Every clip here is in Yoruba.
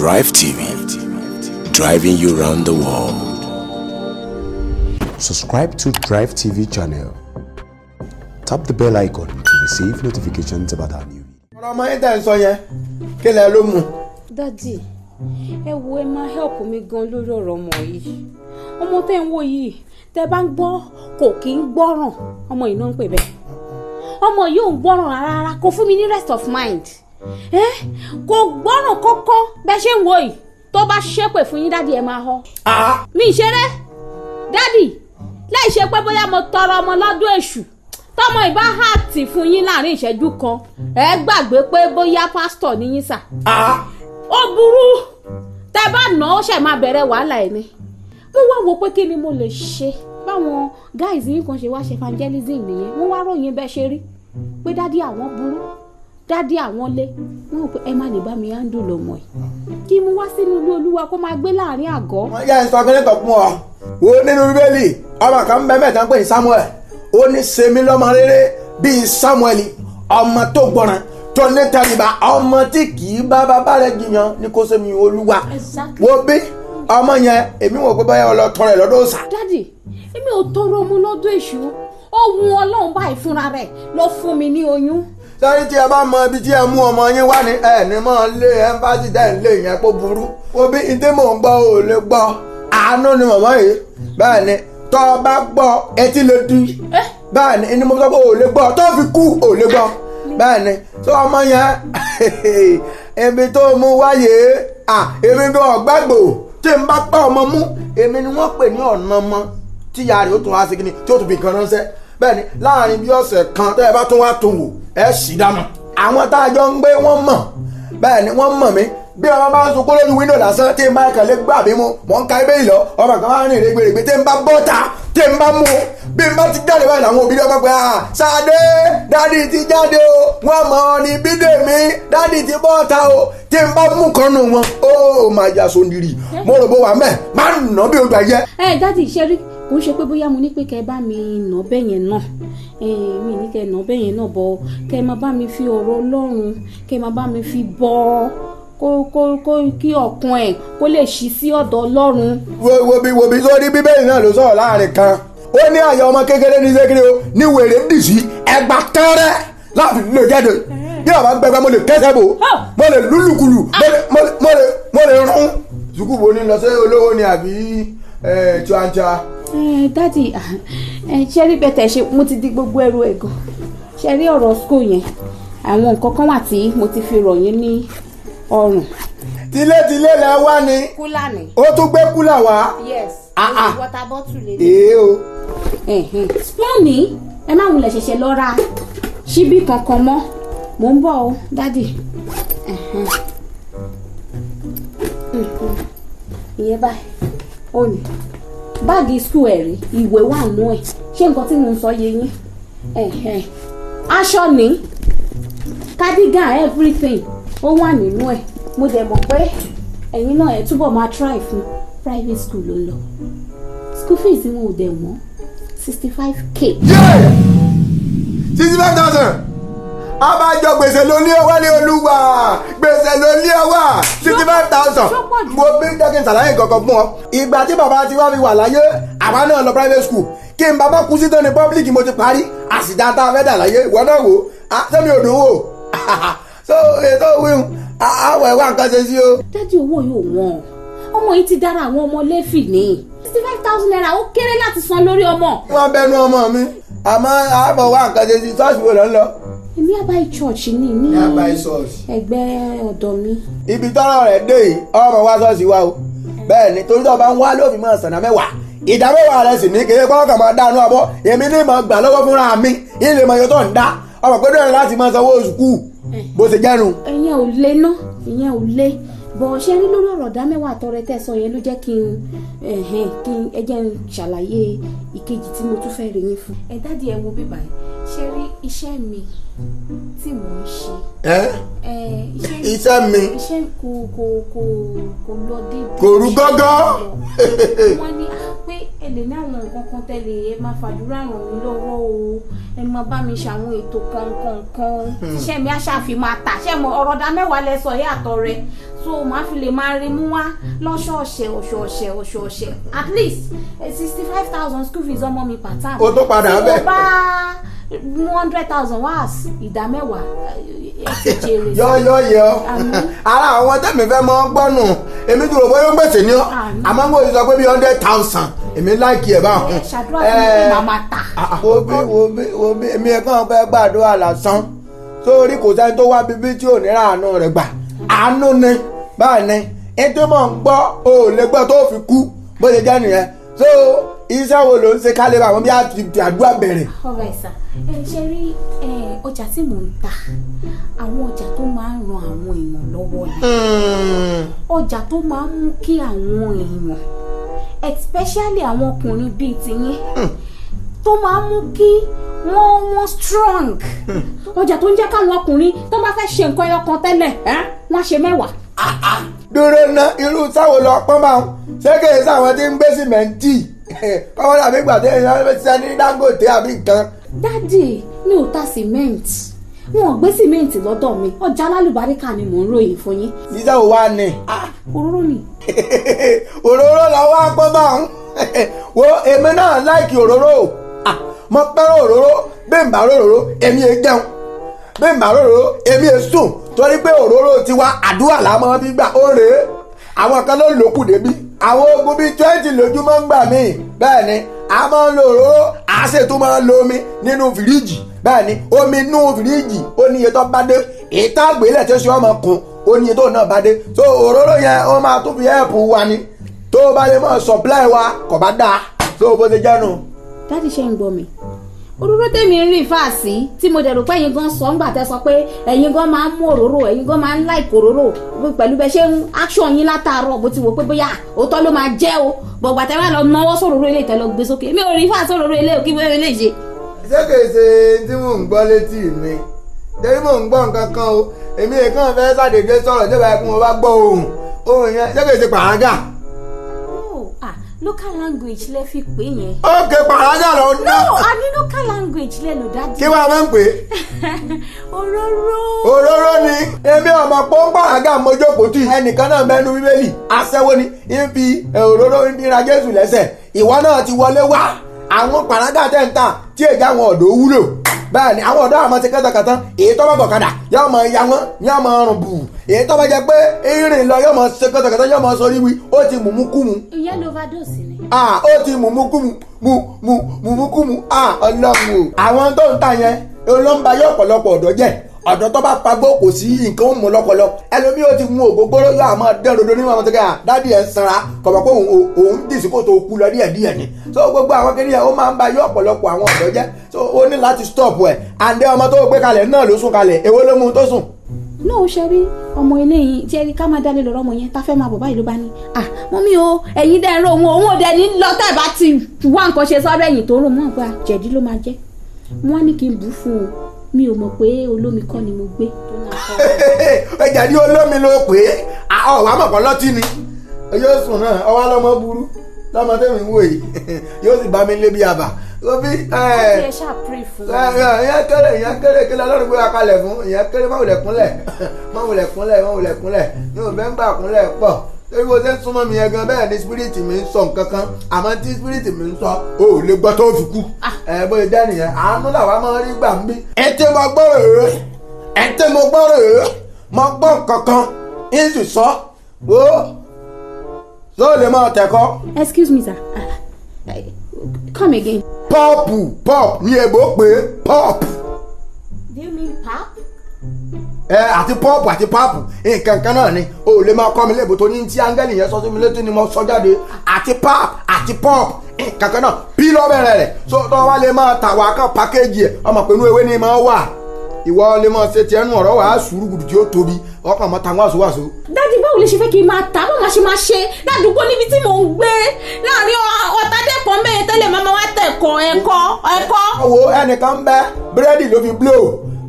Drive TV, driving you around the world. Subscribe to Drive TV channel. Tap the bell icon to receive notifications about our new videos. ọ̀rọ̀ ọmọ yín ẹ wo ẹ máa help mi gan lórí ọ̀rọ̀ ọmọ yìí ọmọ tẹ́ ń wò yìí tẹ́ bá ń gbọ́ kò kí ń gbọ́ràn ọmọ yìí ló ń pè bẹ́ẹ̀ ọmọ yìí ò ń gbọ́ràn rárá kò fún mi ní rest of mind ẹ kò gbọ́ràn kankan bẹ́ẹ̀ ṣe ń wo yìí tó bá ṣépè fún yín dádì ẹ máa họ. Ah. mi ìṣeré dádì láì ṣe pé bóyá mo tọrọ ọmọ lọ́dún èṣù tọmọ ìbá hàtì fún yín láàrin ìṣẹ́jú kan ẹ gbàgbé pé bóyá pásítọ̀ ni yín sà. Ah. ó burú tẹ bá nà ó ṣẹ̀ máa bẹ̀rẹ̀ wàhálà ẹ̀ ni mo wá wo pé kí ni mo lè ṣe báwọn guys yín kan ṣe wá ṣe evangelism nìyẹn wọ́n wá ròyìn bẹ́ẹ̀ ṣe rí pé dádì àwọn burú dádì àwọn lé wọn ò pé ẹ má lè bá mi handle lọmọ ẹ kí mo wá sínú ilé olúwa kó máa gbé láàrin àgọ́. wọ́n yá ẹ̀sán kí ní kan fún ọ wo nínú bíbélì ọmọ kan bẹ́ẹ̀ mẹ́ta ń pè ní Samuel ó ní sèmi lọ́mọ rere bíi Samuel ọmọ tó gbọ́ràn tó ní tẹríba ọmọ tí kì í bá bàbá rẹ̀ jiyàn ní kó sẹ́mi olúwa wo bí ọmọ yẹn èmi wò pé báyọ̀ lọ tọrọ ẹ̀ lọ́dọ̀ ọ̀sà. dádì èmi ò tọrọ ọmọ lọ́dọ̀ èṣù ó wù ọlọ́run báyìí fúnra rẹ̀ lọ fún mi ní oyún sẹ́yìn tí ẹ bá mọ ibi tí ẹ mú ọmọ yín wá ní ẹ ní mọ́ lé yẹn kó burú bí ndé mò gbọ́ ò gbọ́ àánú ni mọ̀mọ́ yìí bẹ́ẹ̀ ni tọ́ bá gbọ́ etí lè di eh? bẹ́ẹ̀ ni ndé ò lè gbọ́ fi kú ò lè gbọ́ bẹ́ẹ̀ ni ọmọ ọmọ mú èmi ni wọ́n pè ní ọ̀nà ọmọ bẹ́ẹ̀ ni láàrin bí ọ̀sẹ̀ kan tẹ́ ẹ bá tún wá tún wò ẹ sì dámọ̀ àwọn tá a jọ ń gbé wọ́n mọ̀ bẹ́ẹ̀ ni wọ́n mọ̀ mí bí ọmọ bá ń sunkún lórí wíńdò lásán tí n bá kàlẹ́ gbà mí mu mọ̀ ń ka ibé yìí lọ ọmọ kan máa ń rìn rẹ́gbẹ̀rẹ́gbẹ̀ tí n bá bọ́ ta tí n bá mú bí n bá ti jáde báyìí làwọn òbí lọ́gbà pé Ṣadé dádì ti jáde o wọ́n mọ̀ ọ́ ní Bídèmí dádì ti bọ́ ta o tí n bá mú kan nù wọn ó máa yà sóńdìrì mo rò bó wà mẹ́ẹ̀ má nà bí o gbà yẹ. ẹ dádì ṣe rí kò ń ṣe pé bóyá mo ní pé kẹ́ ẹ bá mi nà bẹ́ẹ̀ yẹn náà mi ní kẹ́ ẹ nà bẹ́ẹ̀ yẹn náà bọ̀ kẹ́ ẹ máa bá mi fi ọ̀rọ̀ Ọlọ́run kẹ́ máa bá mi fi bọ́ kó kó kó kí ọkàn ẹ kó lè ṣí sí ọ̀dọ̀ Ọlọ́run. wo wo bí wo bí sórí bíbélì náà ló sọ̀rọ̀ láàrin kan ó ní àyà ọmọ kékeré ní sékiri o ní wèrè ń dì ẹgbà tẹ́rẹ́ láti lè jáde bí bàbá gbẹgbẹ mo lè kẹsẹ̀ bò mo lè lúlùkulù ah! mo lè rún. sukùbù ní lọ sí olówó ni àbí tíwáńtíwá. Eh, dádì ah, eh, ṣe rí bẹ́tẹ̀ ṣe mo ti di gbogbo ẹrù ẹ̀ gan ṣe rí ọ̀rọ̀ school yẹn àwọn nǹkan kan wà tí mo ti fi rọ̀ yín ní ọrùn. tilétilé lẹ wá ni ó tún gbé kúlà wá. yes ah, ah. water bottle lè ní. èé o. spoon ni ẹ má wulẹ̀ ṣẹ̀ṣẹ̀ lọ ra ṣíbí kankan mọ́ mò ń bọ̀ o dádì mm-hmm. ìyẹn báyìí ó ní báàgì skul ẹ̀ rí ìwé wà nú ẹ̀ ṣé nǹkan tí mo ń sọ yé yín aṣọ ní cardigan everything ó wà nínú ẹ̀ mo dẹ̀ mọ̀ pé ẹ̀yin náà ẹ̀ túbọ̀ máa try fún private school ló lọ school fees wọn ò dẹ̀ wọ́n sixty five k. sixty five thousand abájọ gbèsè ló ní ọwọ́ ní olúwa gbèsè ló ní ọwọ́ sixty five thousand mo bí dọ́kítà sàlàyé kankan fún ọ. ìgbà tí bàbá ti wá fi wà láyé àwa náà lọ private school kí n bàbá kú sí tán ní public mo ti parí àsìdá tá a fẹ́ dà láyé ìwọ náà wò á sẹ́mi òdùn wò so ètò wíwù àwọ̀ ẹ̀wà nǹkan ṣe sí o. dájú owó yóò wọ́n ọmọ yìí ti dára àwọn ọmọ lẹ́fì ni sixty five thousand naira ó kéré láti san lórí ọmọ. wọ́n bẹnu ọmọ mi àmọ́ àbọ̀ wà nǹkan ṣe sí ṣọ́ọ̀ṣì wo ló ń lọ nearby church ni ní ẹgbẹ́ ọ̀dọ̀ mi. ibi tọ́rọ̀ rẹ̀ dé yìí ọmọ wa ṣọ́ọ̀ṣì wa o bẹ́ẹ̀ ni torí tó bá ń wá lófin mọ́ ọ̀sán náà mẹ́wàá ìdá mẹ́wàá rẹ̀ sì ní kéé kọ́kàn máa dánú abọ́ èmi ní ìmọ̀ gbà lọ́wọ́ fúnra mi ilé ìmọ̀ yóò tó ń dá ọmọ pé dọ́rin láti máa sanwó oṣù kù bó ṣe jẹ́nu. ìyẹn ò lé ná ìyẹn ò lé bọ̀ ṣe rí lórí ọ̀rọ̀ dá mẹ́wàá tọrẹ tẹ́ sọ yẹn ló jẹ́ kí n kí n ẹ jẹ́ n ṣàlàyé ìkejì tí mo tún fẹ́ rí yín fún. ẹ dáàdi ẹ wo bíbá yìí ṣe rí iṣẹ́ mi tí mò ń ṣe. ẹ iṣẹ́ mi iṣẹ́ kò kò kò kò lọ déédéé. kò rú gọ́gọ́. wọ́n ní ah, pé ẹ lè ní àwọn nǹkan kan tẹ́lẹ̀ ẹ máa fàdúrà ràn mí lọ́wọ́ o ẹ máa bá mi ṣàwọn ètò kankankan hmm. iṣẹ́ mi aṣáfi máa tà ṣé mo ọ̀rọ̀ dá mẹ́wàá lẹ sọ yàtọ̀ rẹ so màá fi lè máa rí mú wá lọ́sọ̀ọ̀sẹ̀ ọ̀sọ̀ọ̀sẹ̀ ọ̀sọ̀ọ̀sẹ̀ at least eh, sixty five thousand school fees ọmọ mi pàtàkì. o tó padà bẹ́ẹ̀. tí mo bá one hundred thousand wá ìdá mẹ́wàá yọ yọ yọ ara àwọn tẹ̀mí fẹ́ mọ́ gbọ́nù èmi dúró bóyá ó ń gbèsè ní ọ́ àmọ́ mo sọ pé bí hundred thousand èmi láìkí ẹ̀ bá hàn. ṣàdúrà sí mi màmá ta. Eh, ah, ah, oh, wo bí wo bí wo bí èmi ẹ̀kan fẹ́ gbàdúrà lásán sórí kò sẹ́ni tó wá bíbí tí ò ní ra àánú rẹ̀ gbà àánú ni báyìí ni ètò mọ̀ ń gbọ́ ò lè gbọ́ tó fi kú bó ṣe jẹ́ nìyẹn so iṣẹ́ wo ló ń ṣe kálẹ̀ àwọn bí àdúrà bẹ̀rẹ̀. ọ̀rọ̀ ẹ̀sà ẹ ṣe rí ọjà tí mò ń ta àwọn ọjà tó máa ń ran àwọn èèyàn lọ́wọ́ ni hmm. ọjà tó máa ń mú kí àwọn èèyàn especially àwọn ọkùnrin bíi tiyín hmm. tó máa ń mú kí wọ́n wọ́n strong hmm. ọjà tó ń jẹ́ káwọn ọkùnrin tó bá fẹ́ ṣe nǹkan ẹyọkan tẹ́lẹ̀ wọ́n á ṣe mẹ́wàá ah, ah. dúró ná irú sáwo lọ pọ́n ṣé kèé sáwọn tí ń gbé sìmẹ́ǹtì kọ́mọ́dà mi gbà tẹ́lẹ̀ náà fẹ́ ṣiṣẹ́ ní Dangote àbí nǹkan. dádì mi ò ta cement wọn ò gbé cement lọ́dọ̀ mi ọjà alálùbáríkà ni mò ń ròyìn fún yín. ṣíṣe òwa ni. òróró ni. òróró làwọn apọ́ bá ń wo èmi náà láìkì òróró mo pẹ́rọ òróró bẹ́ẹ̀ ń bá òróró èmi è e jẹun bẹ́ẹ̀ ń bá òróró èmi è e sùn torí pé òróró tiwa àdúrà làwọn bí gbà ó rèé àwọn kan ló lòókù débi àwọn oògùn bíi twenty lójúmọ́ ń gbà mí bẹ́ẹ̀ ni a máa ń lo òróró a sì tún máa ń lo omi nínú fìríjì bẹ́ẹ̀ ni omi nínú fìríjì ó ní iye tó bá dé ìtàgbélẹ̀ tó ṣe ọmọ kun ó ní iye tó náà bá dé so òróró yẹn ó máa tún fi ẹ̀pù wa ni tó bá lè mọ̀ supply wa kò bá dáa so bó ṣe jẹ́nu. dáàdi ṣe ń gbọ́ mi òróró tèmi ń rìn fáàsì tí mo dẹ̀ rò pé ẹ̀yin gan sọ ńgbà tẹ́ sọ pé ẹ̀yin gan máa ń mú òróró ẹ̀yin gan máa ń like òróró pẹ̀lú bẹ́ẹ̀ ṣe ń action yín látàárọ̀ bó ti wò pé bóyá òótọ́ ló máa jẹ́ o bọ̀gbà tẹ́ wá lọ náwó sòróró ilé ìtẹ́ lọ gbé sókè mi ò rí fáàsì òróró ilé òkè bẹ́ẹ̀ lè ṣe. ṣé kèé ṣe tí mò ń gbọ́ létí mi torí mò ń gbọ́ nǹkan kan o èmi nìkan fẹ́ sàdédé sọ̀rọ̀ local language lè fi pè yẹn. ó ké lọ no a ní local language lẹnu dájú. kí wàá máa ń pè é. òróró. òróró ni èmi ọmọ pọ́ńpàràgà mọ́jọ́kòtì ẹnìkan náà mẹ́nu bíbélì aṣẹ́wó ni ń eh, òróró ń ra jésù lẹ́sẹ̀ ti wọlé wá. àwọn pàràgà tẹ̀ ń tà tí èjà àwọn ọ̀dọ́ wúlò bẹ́ẹ̀ ni àwọn ọ̀dọ́ àmọ́ ti kẹ́tàkẹ́tà èyí tó bá bọ̀ kàdà yóò mọ ya wọn yóò mọ ọrùn bù èyí tó bá jẹ pé irin lọ yóò mọ ṣe kẹ́tàkẹ́tà yóò mọ sọrí wí ó ti mùmú kú mu. ìyá ló bá dòsí ni. ah ó ti mùmú kú mu mu mu mùmú kú mu ah ọlọ́run o. àwọn tó ń tà yẹn olóńgbà yóò pọ̀lọpọ̀ ọ̀dọ́ jẹ́ ọ̀dọ́ tó bá pagbó kò sí nǹkan ó mú lọ́pọlọ ẹlòmíì ó ti mu ògógóró yóò àmọ́ dán rodo ní mọ̀mọ́ dádì ẹ̀ sanra kọ̀mọ̀ pé òun dìsí kó tó kú lọ díẹ̀ díẹ̀ ni so gbogbo àwọn kiri yẹn ó máa ń ba yọ ọ̀pọ̀lọpọ̀ àwọn ọ̀dọ́ jẹ́ so ó ní láti stop ẹ̀ àǹdẹ́ ọmọ tó gbé kalẹ̀ náà ló sùn kalẹ̀ èwo ló mú tó sùn náà ṣe rí ọmọ eléyìí tí ẹni ká máa dálé lọ́rọ́ ọmọ yẹn tá fẹ́ máa bọ̀ báyìí ló bá ní à ah, mọ́mí o ẹ̀yin dẹ́ ro òun òun ò dẹ̀ ní lọ tẹ́ ẹ̀ bá ti wá nǹkan ṣe sọ́dọ̀ ẹ̀yìn tó rò mọ́ ọ̀gbà jẹ̀dí ló máa jẹ́ wọ́n ní kí n bù fún un mi ò mọ̀ pé olómi kọ́ ni mo gbé. ẹjà ní olómi ló pè é ọ̀wá mọ̀ pọ̀ lọ́tí ni yóò sùn náà ọwọ́ lọ́mọ burú lọ́mọ tẹ̀mí wò yìí yóò sì bá mi lé bí àbà obi ìyẹn kéré ìyẹn kéré kí lọ́dún gbé wa kalẹ̀ fún ìyẹn kéré má wulẹ̀ kúnlẹ̀ má wulẹ̀ kúnlẹ̀ má wulẹ̀ kúnlẹ̀ yóò bẹ́ẹ̀ ń bà kúnlẹ̀ pọ̀ torí bó ṣe ń súnmọ́ mi yẹn gan bẹ́ẹ̀ ni spirit mi ń sọ nǹkan àmọ́ tí spirit mi ń sọ o ò lè gbọ́ tó fi kú. Ah. ẹ bó ṣe jẹ́ nìyẹn àánú làwa máa rí gbà ń bí. ẹ tí mo gbọ́ rèé ẹ tí mo gbọ́ rèé mo gbọ́ nǹkan kan sì sọ o ṣó lè máa tẹ̀kọ́. excuse me sir ah, eh, come again. Pop pop ni èbó pé pop. do you mean pop? ẹ àti pọ́ọ̀pù àti páàpù nǹkan kan náà ni o ò lè máa kọ́ mi léèbù tó ní tí áńgẹ́lì yẹn sọ sí mi létí ni mo sọ jáde àti páàpù àti pọ́ọ̀pù nǹkan kan náà bí lọ́bẹ̀rẹ̀ rẹ̀ tó tọ́ wa lè máa tà wá kàn pákéjì ẹ̀ ọmọ pẹ̀lú ewé ni máa wà ìwọ lè máa ṣe tiẹ̀ nù ọ̀rọ̀ wàá sùúrù gùdù tí ó tóbi ọkàn mọ́ ta wàásù wàásù. dádì báwo lè ṣe fẹ́ kí n máa ta báwo la ṣe máa ṣe ládùúgbò níbi tí mò ń gbé láàrin ọ̀tádẹ́kọ̀ mẹ́rin tẹ́lẹ̀ máa wá tẹ̀kọ̀ ẹ̀kọ́ ẹ̀kọ́. wo ẹnìkan bẹ búrẹ́dì ló fi blow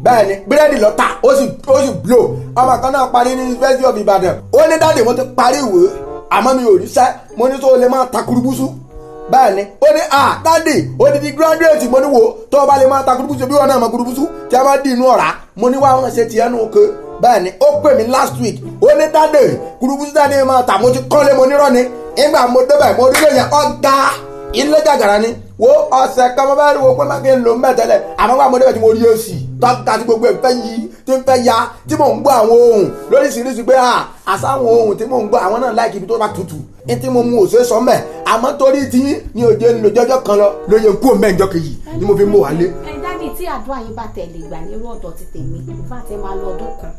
bẹ́ẹ̀ ni búrẹ́dì lọ tà ó sì ó sì blo ọmọ kan náà parí ní university of Ibadan ó ní dáàdì mo ti parí ìwé àmọ́ mi ò ríṣẹ́ mo ní tó lè máa takurubusu bẹ́ẹ̀ ni ó ní à ah, dáàdì ó ti di graduate mo ní wo tó o bá lè máa takurubusu bí wọn náà mọ kurubusu tí a bá dì inú ọ̀rá mo ní wá wọn ṣe tiẹ̀ nù oko bẹ́ẹ̀ ni ó pè mí last week ó ní dáàdì kurubusu dáàdì máa tà mo ti kọ́lé mo nírọ̀ ni ìgbà mo débẹ̀ mo rí lóye ọ̀gá ilé jàgàrà ni wo ọ̀sẹ̀ kan mo bá rí wo pé má kí n lò ń bẹ̀ tẹ́lẹ̀ àmọ́ wà mo débẹ̀ tí mo rí èsì tọ́ka tí gbogbo ẹ̀ fẹ́ yí tí ń fẹ́ ya tí mò ń gbọ́ àwọn ohun lóríṣiríṣi pé ah, àsáwọn ohun tí mò ń gbọ́ àwọn náà láìkí ibi tó bá tutù ní tí mo mu òṣè sọ mẹ́ àmọ́ torí ti yín ni òde ń lo jọjọ́ kan lọ lóye ń kú òmẹ́ ìjọ kejì ni mo fi mú wálé. ẹ dáàdi tí àdúrà yín bá tẹ̀lé ìgbà nírú ọ̀dọ̀ ti tèmi bá ti máa lọ ọdún kan.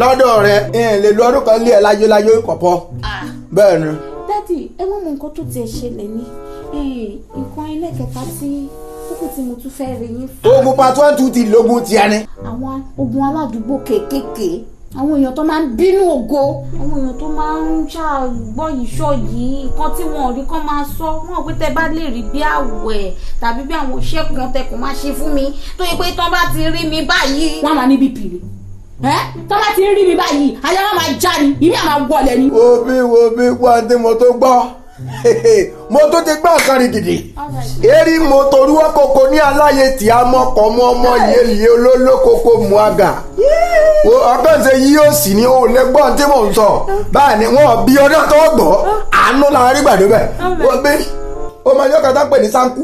lọ́dọ̀ rẹ ẹ̀ lè lo ọdún kan lé ẹ láyé láyé kọ̀pọ̀ ah. bẹ́ẹ̀ ni. dáàdi ẹ mọ̀ mọ̀ nǹkan tó ti ẹ̀ ṣẹlẹ̀ ni nǹkan ẹlẹ́kẹta tí kókó tí mo tún fẹ́ẹ́ rí yín fún. ogun part one two ti lógun ti a ní. àwọn ogun aládùúgbò kéékèèké àwọn èèyàn tó máa ń bínú ògo àwọn èèyàn tó máa ń ṣàgbọ́ ìṣọ́ yìí nǹkan tí wọn ò rí kán máa sọ wọn ò pé tẹ bá lè rí bí àwẹ̀ tàbí bí àwọn òṣèkùn kan tẹkùn máa ṣe fún mi tó yẹ pé tán bá ti rí mi báyìí. wọn máa níbi pìrì ẹ tán bá ti rí mi báyìí ayé wọn máa já ni ìmí àmà wọlé ni. obi wo bí wọ́n ti mọ̀ tó gbọ́ mo tó ti gbá nǹkan rìgìdì eré mo torí wọn koko ní aláyé tí a mọ kọ mọ ọmọ yìí èyí olólókoko mu àgà ọgbọ́n ṣe yí yóò sì ní òun lẹ́gbọ́n tí mò ń sọ báyìí ni wọ́n bí ọdún tó gbọ́ àánú la rí gbàdúrà ó máa yọ kàtà pè ní sáńkú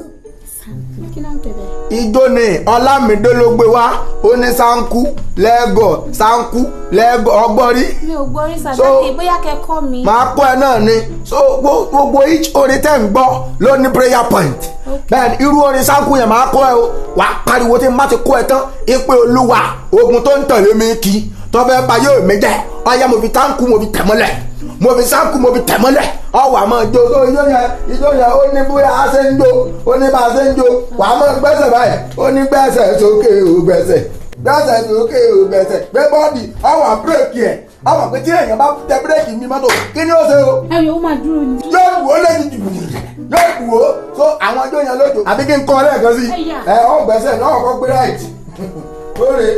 ijó ni ọlámídé ló gbé wá ó ní sanku lẹ́gọ̀ sanku lẹ́gọ̀ ọgbọ́rí. mi ò gbọ́ rí sàdáàkì bóyá kẹ́kọ̀ọ́ mi. màá kọ́ ẹ náà ni so gbogbo each orin tẹ́ ń gbọ́ ló ní prayer point bẹ́ẹ̀ irú orin sanku yẹn màá kọ́ ẹ o wàá pariwo tí n bá ti kọ́ ẹ tán ipe olúwa ogun tó ń tẹ̀lé mi kì í tọ́fẹ́ bá yóò mi jẹ́ ọyá mo fi tanku mo fi tẹ̀ mọ́lẹ̀ mo fi sáńkù mo fi tẹ̀ mọ́lẹ̀ ọwọ́ àmọ́ ìjó tó ìjó yẹn ìjó yẹn ó ní bóyá a ṣe ń jó ó ní bá a ṣe ń jó wàá mọ́ gbẹ́sẹ̀ báyìí ó ní gbẹ́sẹ̀ sókè ó gbẹ́sẹ̀ gbẹ́sẹ̀ sókè ó gbẹ́sẹ̀ gbé bọ́ọ̀dì ọwọ́ àbúrẹ́kì ẹ̀ ọmọ pé tí èèyàn bá tẹ bírèkì mi mọ́tò kí ni ó ṣe o. ẹyọ ó máa dúró ni. yóò wò ó lẹ́yìn jù yóò wò ó so àwọn ọjọ́ yẹn lójó. àbí kí n kọ́ lẹ́ẹ̀kan sí i ẹ ọ gbẹ́sẹ̀ náà kọ́ gbé ráìtì. ó rè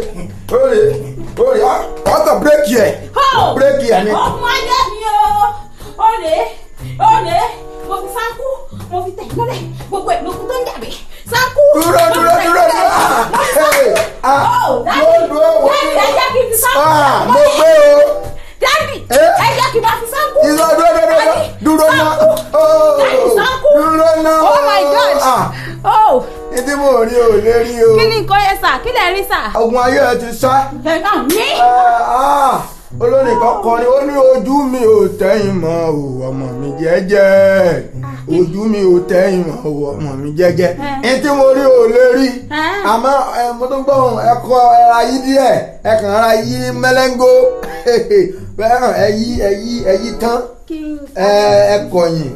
é ó yá ọ̀tọ̀ bírèkì ẹ̀ bírèkì ẹ̀ ni. ọmọ ayé Oh o olè olè mo fi sáńkú mo fi tẹ̀ mọ́lẹ̀ gbogbo ẹ̀ lókun tó ń yàgbé Sanku. dúró dúró ah, oh, dúró dúró ah Oh, dúró wọ́n dúró ẹ jẹ́ kí n fi sáńkú mọ́lẹ̀ ah, mo gbé o. dáàbì eh? ẹ jẹ́ kí n bá fi Sanku. ìlọ dúró dúró dúró dúró náà. dáàbì sáńkú ìdí mò ń rí o lè rí o. kí ni nǹkan yẹn sà kí lè rí sà. ogun ayé ẹ ti sá. ẹ náà ní. Ah, ah, olórin kan kọrin ó ní ojú mi ò tẹ́yìn mọ́ o ọmọ mi jẹ́jẹ́ ah, ojú mi ò tẹ́yìn mọ́ o ọmọ mi jẹ́jẹ́ ìdí eh. mo rí o lè rí eh. àmọ́ eh, mo tún gbọ́ ẹ̀kọ́ ẹ̀ra yí díẹ̀ ẹ̀kàn ara yí mẹ́lẹ́ngó fẹ́ràn ẹyí ẹyí ẹyí tán ẹ̀ẹ́kọ̀yìn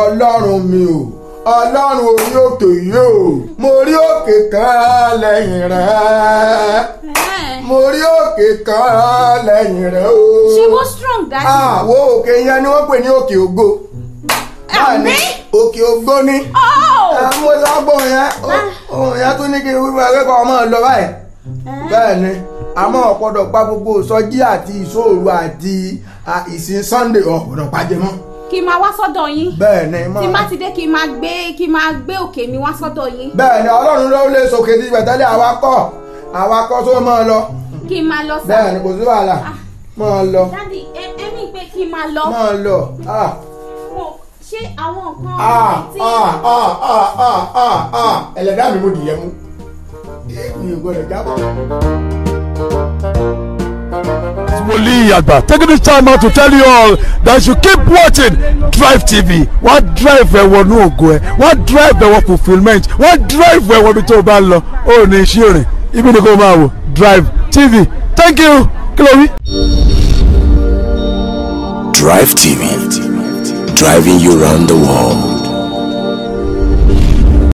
ọlọ́run mi ò ọlọ́run orí òkè yìí o mo rí òkè kan lẹ́yìn rẹ̀ mo rí òkè kan lẹ́yìn rẹ̀ o. she was strong that day. àwo òkè yẹn ni wọ́n pè ní òkè ògo. àmì òkè ògo ni. àwọn oh! ọlọ́gbọ̀n yẹn ah. òun yẹn tún ní kí wíwá akẹ́kọ̀ọ́ ọmọ lọ báyìí. bẹ́ẹ̀ ni àmọ́ ọ̀pọ̀dọ̀ pa gbogbo sọjí àti ìṣòro àti ìsìn sunday ọ̀pọ̀dọ̀ pàjẹ́ mọ́ kí n máa wá sọ́dọ̀ yín. bẹ́ẹ̀ni máa tí má ti dé kí n máa gbé kí n máa gbé òkè mi wá sọ́dọ̀ yín. bẹ́ẹ̀ni Ọlọ́run ló lè sòkè tí ìgbàdálẹ̀ àwa kọ àwa kọ tó máa lọ. kí n máa lọ sáà bẹ́ẹ̀ni kò sí wàhálà ah. máa lọ. dádì ẹ̀mí pé kí n máa lọ. máa lọ ah. ṣé àwọn nǹkan ah, tí. ẹlẹ́dàá mi mo dìyẹ mú mi ò gbọ́dọ̀ jábọ̀ wòlíì àgbà taking this time out to tell you all that you keep watching drive tv wá drive ẹ wọnú ògo ẹ wá drive ẹ wọ fulfilment wá drive ẹ wọbi tó o bá lọ ó ní iṣẹ́ òrìn ibi ni kò máa wò drive tv thank you kí drive tv driving you round the world.